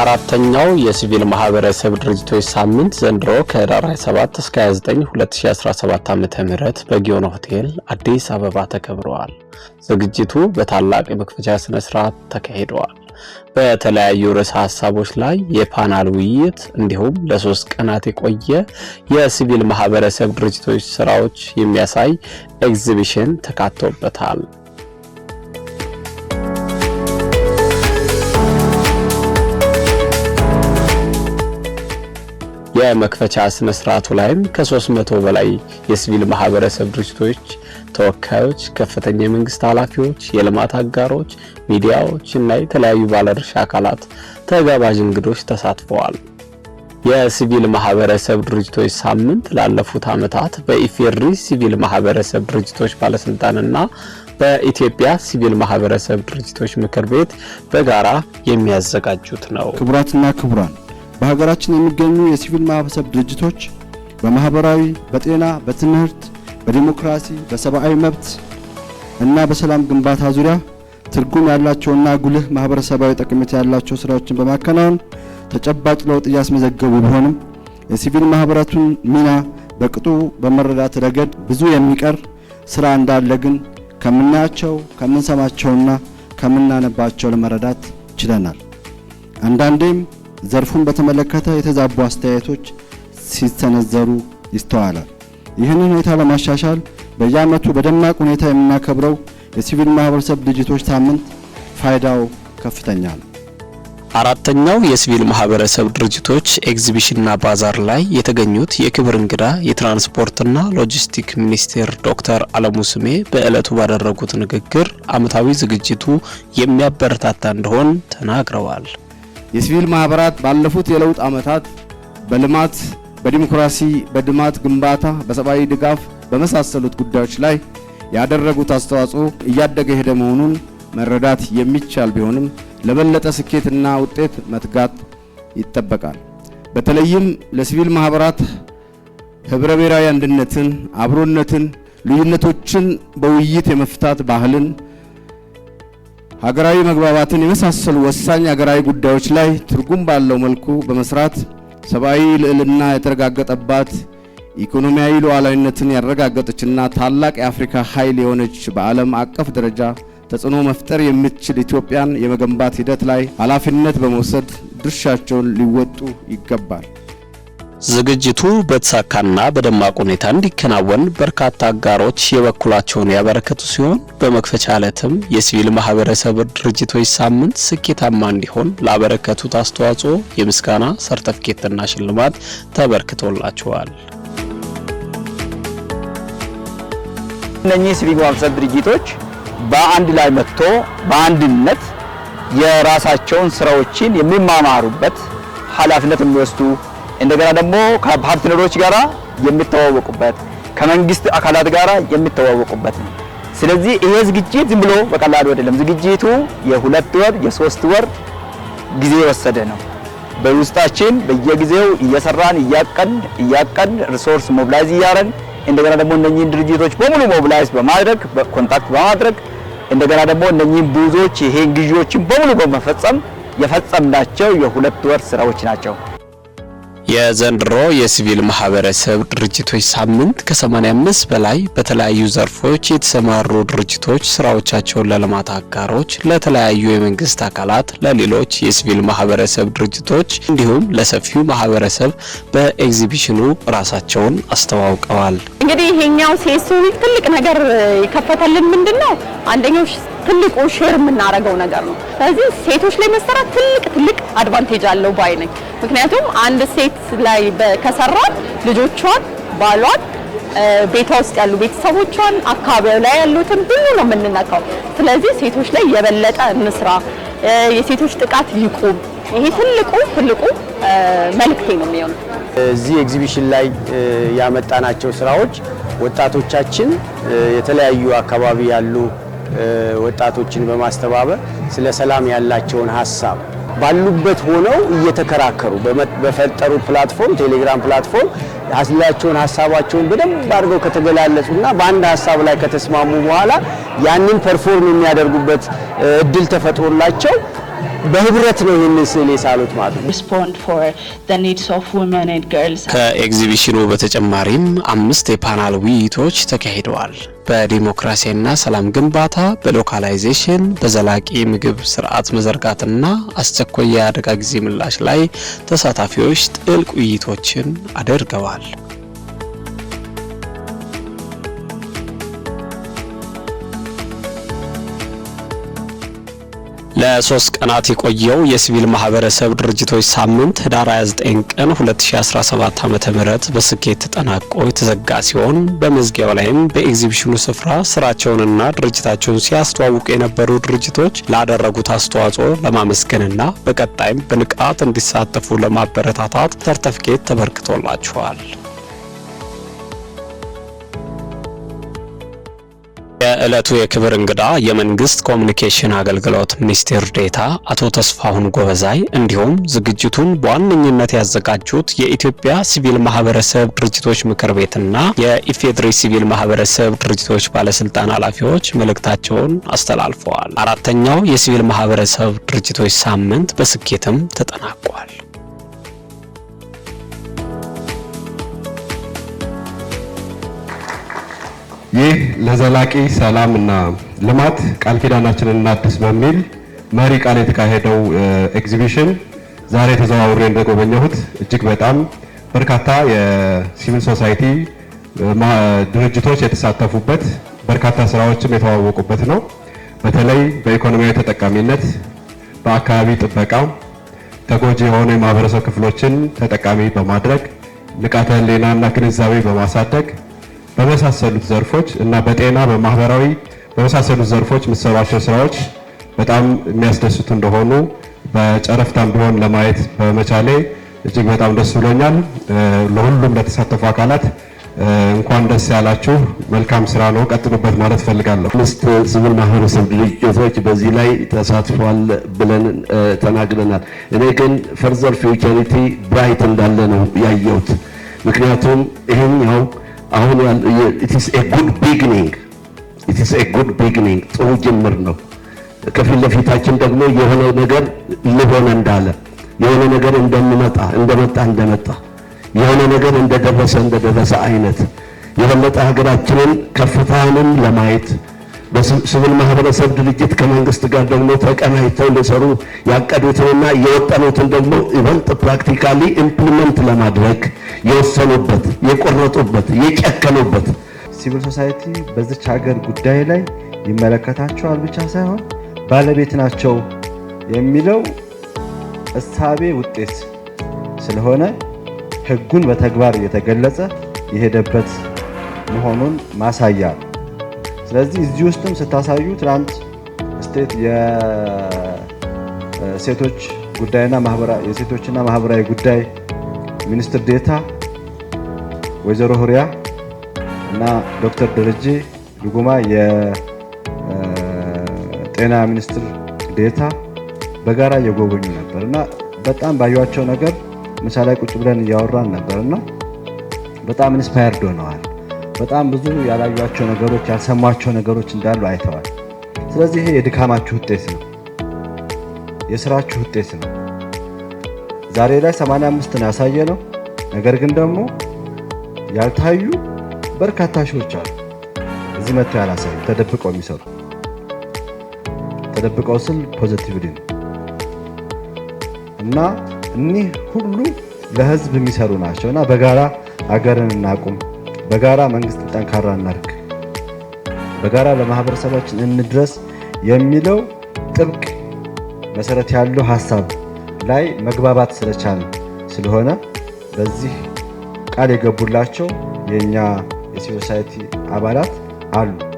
አራተኛው የሲቪል ማህበረሰብ ድርጅቶች ሳምንት ዘንድሮ ከህዳር 27 እስከ 29 2017 ዓ ም በጊዮን ሆቴል አዲስ አበባ ተከብረዋል። ዝግጅቱ በታላቅ የመክፈቻ ስነ ስርዓት ተካሂደዋል። በተለያዩ ርዕሰ ሀሳቦች ላይ የፓናል ውይይት እንዲሁም ለሶስት ቀናት የቆየ የሲቪል ማህበረሰብ ድርጅቶች ስራዎች የሚያሳይ ኤግዚቢሽን ተካቶበታል። የመክፈቻ ስነ ስርዓቱ ላይም ከ300 በላይ የሲቪል ማህበረሰብ ድርጅቶች ተወካዮች፣ ከፍተኛ የመንግስት ኃላፊዎች፣ የልማት አጋሮች፣ ሚዲያዎች እና የተለያዩ ባለድርሻ አካላት ተጋባዥ እንግዶች ተሳትፈዋል። የሲቪል ማህበረሰብ ድርጅቶች ሳምንት ላለፉት ዓመታት በኢፌድሪ ሲቪል ማህበረሰብ ድርጅቶች ባለስልጣንና በኢትዮጵያ ሲቪል ማህበረሰብ ድርጅቶች ምክር ቤት በጋራ የሚያዘጋጁት ነው። ክቡራትና ክቡራን በሀገራችን የሚገኙ የሲቪል ማህበረሰብ ድርጅቶች በማህበራዊ፣ በጤና፣ በትምህርት፣ በዲሞክራሲ፣ በሰብአዊ መብት እና በሰላም ግንባታ ዙሪያ ትርጉም ያላቸውና ጉልህ ማህበረሰባዊ ጠቀሜታ ያላቸው ስራዎችን በማከናወን ተጨባጭ ለውጥ እያስመዘገቡ ቢሆንም የሲቪል ማህበራቱን ሚና በቅጡ በመረዳት ረገድ ብዙ የሚቀር ስራ እንዳለ ግን ከምናያቸው ከምንሰማቸውና ከምናነባቸው ለመረዳት ችለናል። አንዳንዴም ዘርፉን በተመለከተ የተዛቡ አስተያየቶች ሲሰነዘሩ ይስተዋላል። ይህንን ሁኔታ ለማሻሻል በየዓመቱ በደማቅ ሁኔታ የምናከብረው የሲቪል ማህበረሰብ ድርጅቶች ሳምንት ፋይዳው ከፍተኛ ነው። አራተኛው የሲቪል ማህበረሰብ ድርጅቶች ኤግዚቢሽንና ባዛር ላይ የተገኙት የክብር እንግዳ የትራንስፖርትና ሎጂስቲክ ሚኒስቴር ዶክተር አለሙ ስሜ በዕለቱ ባደረጉት ንግግር ዓመታዊ ዝግጅቱ የሚያበረታታ እንደሆን ተናግረዋል። የሲቪል ማህበራት ባለፉት የለውጥ ዓመታት በልማት፣ በዲሞክራሲ፣ በልማት ግንባታ፣ በሰብአዊ ድጋፍ በመሳሰሉት ጉዳዮች ላይ ያደረጉት አስተዋጽኦ እያደገ ሄደ መሆኑን መረዳት የሚቻል ቢሆንም ለበለጠ ስኬትና ውጤት መትጋት ይጠበቃል። በተለይም ለሲቪል ማህበራት ህብረ ብሔራዊ አንድነትን፣ አብሮነትን፣ ልዩነቶችን በውይይት የመፍታት ባህልን ሀገራዊ መግባባትን የመሳሰሉ ወሳኝ ሀገራዊ ጉዳዮች ላይ ትርጉም ባለው መልኩ በመስራት ሰብአዊ ልዕልና የተረጋገጠባት ኢኮኖሚያዊ ሉዓላዊነትን ያረጋገጠችና ታላቅ የአፍሪካ ኃይል የሆነች በዓለም አቀፍ ደረጃ ተጽዕኖ መፍጠር የምትችል ኢትዮጵያን የመገንባት ሂደት ላይ ኃላፊነት በመውሰድ ድርሻቸውን ሊወጡ ይገባል። ዝግጅቱ በተሳካና በደማቅ ሁኔታ እንዲከናወን በርካታ አጋሮች የበኩላቸውን ያበረከቱ ሲሆን በመክፈቻ ዕለትም የሲቪል ማህበረሰብ ድርጅቶች ሳምንት ስኬታማ እንዲሆን ላበረከቱት አስተዋጽኦ የምስጋና ሰርተፍኬትና ሽልማት ተበርክቶላቸዋል። እነኚህ ሲቪል ማህበረሰብ ድርጅቶች በአንድ ላይ መጥቶ በአንድነት የራሳቸውን ስራዎችን የሚማማሩበት ኃላፊነት የሚወስዱ እንደገና ደግሞ ከፓርትነሮች ጋራ የሚተዋወቁበት ከመንግስት አካላት ጋራ የሚተዋወቁበት ነው። ስለዚህ ይሄ ዝግጅት ዝም ብሎ በቀላሉ አይደለም። ዝግጅቱ የሁለት ወር የሶስት ወር ጊዜ የወሰደ ነው። በውስጣችን በየጊዜው እየሰራን እያቀን እያቀን ሪሶርስ ሞብላይዝ እያረን እንደገና ደግሞ እነኚህን ድርጅቶች በሙሉ ሞብላይዝ በማድረግ ኮንታክት በማድረግ እንደገና ደግሞ እነኚህን ብዙዎች ይሄን ግዢዎችን በሙሉ በመፈጸም የፈጸምናቸው የሁለት ወር ስራዎች ናቸው። የዘንድሮ የሲቪል ማህበረሰብ ድርጅቶች ሳምንት ከ85 በላይ በተለያዩ ዘርፎች የተሰማሩ ድርጅቶች ስራዎቻቸውን ለልማት አጋሮች፣ ለተለያዩ የመንግስት አካላት፣ ለሌሎች የሲቪል ማህበረሰብ ድርጅቶች እንዲሁም ለሰፊው ማህበረሰብ በኤግዚቢሽኑ ራሳቸውን አስተዋውቀዋል። እንግዲህ ይሄኛው ሴሱ ትልቅ ነገር የከፈተልን ምንድን ነው አንደኛው ትልቁ ሼር የምናደርገው ነገር ነው። ስለዚህ ሴቶች ላይ መሰራት ትልቅ ትልቅ አድቫንቴጅ አለው ባይ ነኝ። ምክንያቱም አንድ ሴት ላይ ከሰራት ልጆቿን፣ ባሏን፣ ቤቷ ውስጥ ያሉ ቤተሰቦቿን፣ አካባቢው ላይ ያሉትን ሁሉ ነው የምንነካው። ስለዚህ ሴቶች ላይ የበለጠ እንስራ፣ የሴቶች ጥቃት ይቁም። ይሄ ትልቁ ትልቁ መልክቴ ነው የሚሆነው። እዚህ ኤግዚቢሽን ላይ ያመጣናቸው ስራዎች ወጣቶቻችን የተለያዩ አካባቢ ያሉ ወጣቶችን በማስተባበር ስለ ሰላም ያላቸውን ሀሳብ ባሉበት ሆነው እየተከራከሩ በፈጠሩ ፕላትፎርም ቴሌግራም ፕላትፎርም ያላቸውን ሀሳባቸውን በደንብ አድርገው ከተገላለጹና በአንድ ሀሳብ ላይ ከተስማሙ በኋላ ያንን ፐርፎርም የሚያደርጉበት እድል ተፈጥሮላቸው በህብረት ነው ይህንን ስዕል የሳሉት ማለት ነው። ከኤግዚቢሽኑ በተጨማሪም አምስት የፓናል ውይይቶች ተካሂደዋል። በዲሞክራሲና ሰላም ግንባታ፣ በሎካላይዜሽን፣ በዘላቂ ምግብ ስርዓት መዘርጋትና አስቸኳይ የአደጋ ጊዜ ምላሽ ላይ ተሳታፊዎች ጥልቅ ውይይቶችን አድርገዋል። ለሶስት ቀናት የቆየው የሲቪል ማህበረሰብ ድርጅቶች ሳምንት ህዳር 29 ቀን 2017 ዓ.ም በስኬት ተጠናቆ የተዘጋ ሲሆን በመዝጊያው ላይም በኤግዚቢሽኑ ስፍራ ስራቸውንና ድርጅታቸውን ሲያስተዋውቁ የነበሩ ድርጅቶች ላደረጉት አስተዋጽኦ ለማመስገንና በቀጣይም በንቃት እንዲሳተፉ ለማበረታታት ሰርተፍኬት ተበርክቶላቸዋል። የዕለቱ የክብር እንግዳ የመንግስት ኮሚኒኬሽን አገልግሎት ሚኒስቴር ዴታ አቶ ተስፋሁን ጎበዛይ እንዲሁም ዝግጅቱን በዋነኝነት ያዘጋጁት የኢትዮጵያ ሲቪል ማህበረሰብ ድርጅቶች ምክር ቤትና የኢፌድሪ ሲቪል ማህበረሰብ ድርጅቶች ባለስልጣን ኃላፊዎች መልእክታቸውን አስተላልፈዋል። አራተኛው የሲቪል ማህበረሰብ ድርጅቶች ሳምንት በስኬትም ተጠናቋል። ይህ ለዘላቂ ሰላም እና ልማት ቃል ኪዳናችንን እናድስ በሚል መሪ ቃል የተካሄደው ኤግዚቢሽን ዛሬ ተዘዋውሬ እንደጎበኘሁት እጅግ በጣም በርካታ የሲቪል ሶሳይቲ ድርጅቶች የተሳተፉበት በርካታ ስራዎችም የተዋወቁበት ነው። በተለይ በኢኮኖሚያዊ ተጠቃሚነት፣ በአካባቢ ጥበቃ ተጎጂ የሆኑ የማህበረሰብ ክፍሎችን ተጠቃሚ በማድረግ ንቃተ እና ግንዛቤ በማሳደግ በመሳሰሉት ዘርፎች እና በጤና በማህበራዊ በመሳሰሉት ዘርፎች የምትሰሯቸው ስራዎች በጣም የሚያስደስቱ እንደሆኑ በጨረፍታም ቢሆን ለማየት በመቻሌ እጅግ በጣም ደስ ብሎኛል። ለሁሉም ለተሳተፉ አካላት እንኳን ደስ ያላችሁ። መልካም ስራ ነው፣ ቀጥሉበት ማለት እፈልጋለሁ። አምስት ሲቪል ማህበረሰብ ድርጅቶች በዚህ ላይ ተሳትፏል ብለን ተናግረናል። እኔ ግን ፈርዘር ፊውቸሪቲ ብራይት እንዳለ ነው ያየሁት። ምክንያቱም ያው አሁን ጉድ ቢግኒንግ ኢትስ ጥሩ ጅምር ነው። ከፊት ለፊታችን ደግሞ የሆነ ነገር ልሆነ እንዳለ የሆነ ነገር እንደምመጣ እንደመጣ እንደመጣ የሆነ ነገር እንደደረሰ እንደደረሰ አይነት የበለጠ ሀገራችንን ከፍታንም ለማየት በሲቪል ማህበረሰብ ድርጅት ከመንግስት ጋር ደግሞ ተቀናጅተው ሊሰሩ ያቀዱትንና የወጠኑትን ደግሞ ይበልጥ ፕራክቲካሊ ኢምፕሊመንት ለማድረግ የወሰኑበት፣ የቆረጡበት፣ የጨከኑበት ሲቪል ሶሳይቲ በዚች ሀገር ጉዳይ ላይ ይመለከታቸዋል ብቻ ሳይሆን ባለቤት ናቸው የሚለው እሳቤ ውጤት ስለሆነ ህጉን በተግባር እየተገለጸ የሄደበት መሆኑን ማሳያ ስለዚህ እዚህ ውስጥም ስታሳዩ ትናንት ስቴት የሴቶች ጉዳይና የሴቶችና ማህበራዊ ጉዳይ ሚኒስትር ዴታ ወይዘሮ ሁሪያ እና ዶክተር ደረጀ ዱጉማ የጤና ሚኒስትር ዴታ በጋራ እየጎበኙ ነበር እና በጣም ባዩቸው ነገር ምሳ ላይ ቁጭ ብለን እያወራን ነበር እና በጣም ኢንስፓየርድ ሆነዋል። በጣም ብዙ ያላዩቸው ነገሮች፣ ያልሰሟቸው ነገሮች እንዳሉ አይተዋል። ስለዚህ ይሄ የድካማችሁ ውጤት ነው፣ የስራችሁ ውጤት ነው። ዛሬ ላይ 85 ነው ያሳየ ነው። ነገር ግን ደግሞ ያልታዩ በርካታ ሺዎች አሉ እዚህ መጥተው ያላሳዩ ተደብቀው የሚሰሩ ተደብቀው ስል ፖዘቲቭሊ ነው እና እኒህ ሁሉ ለህዝብ የሚሰሩ ናቸው እና በጋራ አገርን እናቁም። በጋራ መንግስትን ጠንካራ እናድርግ፣ በጋራ ለማህበረሰባችን እንድረስ የሚለው ጥብቅ መሰረት ያለው ሀሳብ ላይ መግባባት ስለቻል ስለሆነ በዚህ ቃል የገቡላቸው የእኛ የሲቪል ሶሳይቲ አባላት አሉ።